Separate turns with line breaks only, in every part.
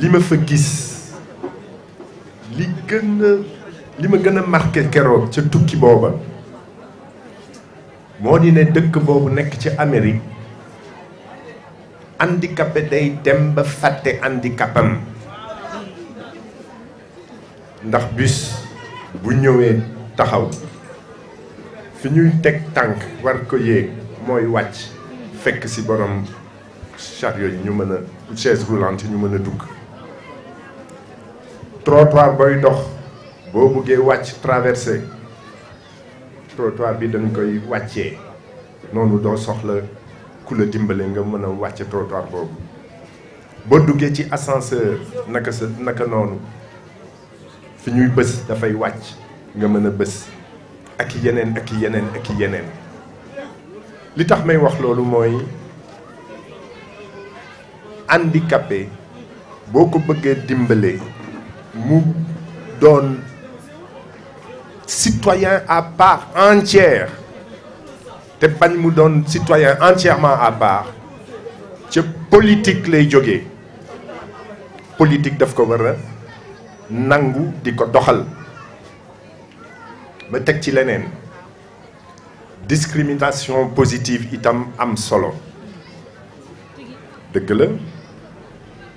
li ma fa gis li gën a li ma gën a marqué keroog ca tukki booba moo di ne dëkk boobu nekk ci amerig handicapé day dem ba fàtte handicapam ndax bus bu ñëwee taxaw fi ñuy teg tànk war ko yéeg mooy wàcc fekk ci borom chariot yi ñu mën a chaise yi ñu mën a dugg trottoir booy dox boo buggee wàcc traversé trottoir bi dañ koy wàccee noonu doo soxla ku la dimbale nga mën a wàcc trottoir boobu boo duggee ci ascenseur naka sa naka noonu fi ñuy bës dafay wàcc nga mën a bës ak yeneen ak yeneen ak yeneen li tax may wax loolu mooy handicapé boo ko bëggee dimbale mu donne citoyen à part entière Tepani pas donne un citoyen entièrement à part C'est politique les Jogé, politique daf ko nangu de Mais c'est ma discrimination positive itam am solo dëgg la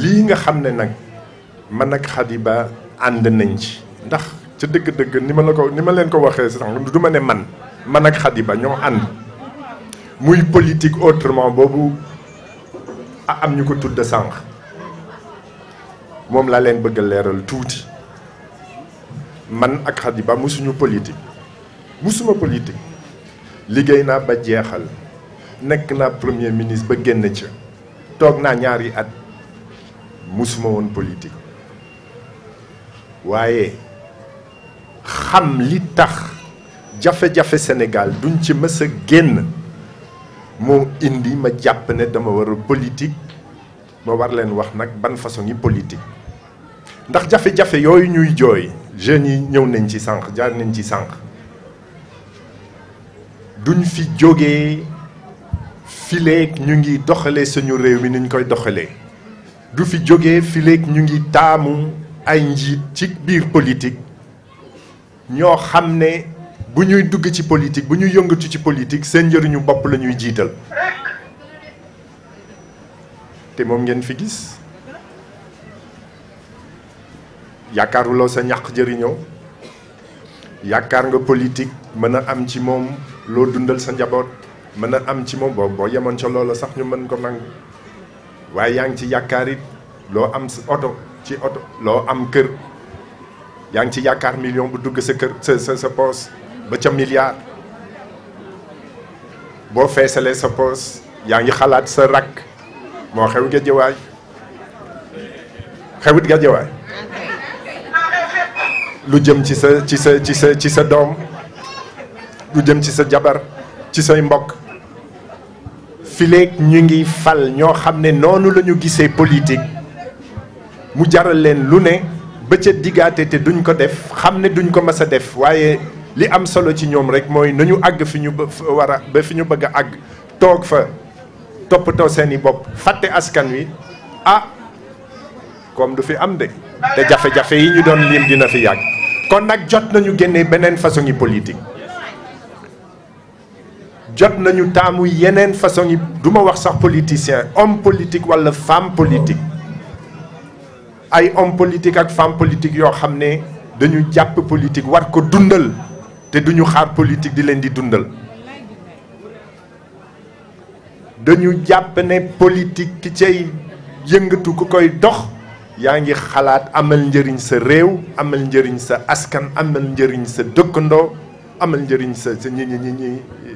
li nga xamne nak man ak Hadiba and nañ ci ndax ci deug deug ni ma la ko ni ma len ko waxe sax du ne man man ak Hadiba ño and muy politique autrement bobu a am ñuko tudde sank mom la len bëgg leral tuuti man ak Hadiba musuñu politique musuma politique na ba jéxal nek premier ministre ba génné ci tok na ñaari at musuma woon politique waaye xam li tax jafe-jafe Sénégal duñ ci mës génn moo indi ma jàpp ne dama war a politique ma war leen wax nag ban façon yi politique ndax jafe-jafe yooyu ñuy jooy jeunes yi ñëw nañ ci sànq jaar nañ ci sànq duñ fi jógee fileeg ñu ngi doxalee suñu réew mi ni ñu koy doxalee du fi jógee fileeg ñu ngi taamu ay njiit ci biir politique ñoo xam ne bu ñuy dugg ci politique bu ñuy yëngatu ci politique seen njëriñu bopp la ñuy jiital te moom ngeen fi gis yaakaaruloo sa ñàq jëriñoo yaakaar nga politique mën a am ci moom loo dundal sa njaboot mën a am ci moom boo boo yemoon ca loola sax ñu mën ko nangu waaye yaa ngi ci yaakaar it loo am oto ci oto loo am kër yaa ngi ci yaakaar million bu dugg sa kër sa sa poos ba ca milliard boo feesalee sa poos yaa ngi xalaat sa rakk moo xew nga jëwaay xewit nga lu jëm ci sa ci sa ci sa ci sa doom lu jëm ci sa jabar ci say mbokk fileeg ñu ngi fal ñoo xam ne noonu lañu gisee politique mu jaral leen lu ne ba ca diggaate te duñ ko def xam ne duñ ko mës a def waaye li am solo ci ñoom rek mooy nañu àgg fi ñu war a bëgg a àgg toog fa toppatoo seen i bopp fàtte askan wi ah comme du fi am de te jafe-jafe yi ñu doon lim dina fi yàgg kon nag jot nañu génne beneen façon yi politique jot nañu taamu yeneen façon yi du ma wax sax politicien homme politique walla femme politique ay homme politique ak femme politique yoo xam ne dañu jàpp politique war ko dundal te duñu xaar politique di leen di dundal dañu jàpp ne politique ki cay yëngatu ku koy dox yaa ngi xalaat amal njëriñ sa réew amal njëriñ sa askan amal njëriñ sa dëkkandoo amal njëriñ sa sa ñi ñi ñi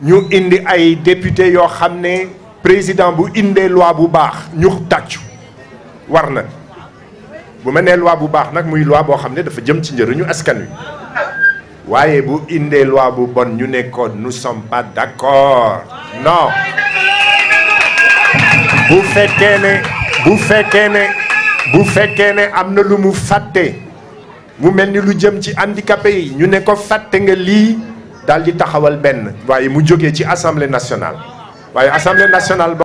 ñu indi ay député yo xamné président bu indé loi bu baax ñu taccu warna bu ma loi bu baax nag muy loi bo xamné dafa jëm ci ñu askan wi wayé bu indé loi bu bon ñu nekkoon nous sommes pas d'accord non bu fekkee ne bu fekkee ne bu fekkee ne lu mu faté mu melni lu jëm ci handicapé yi ñu ne ko fàtte nga li daal di taxawal benn waaye mu jógee ci assemblée nationale waaye assemblée nationale.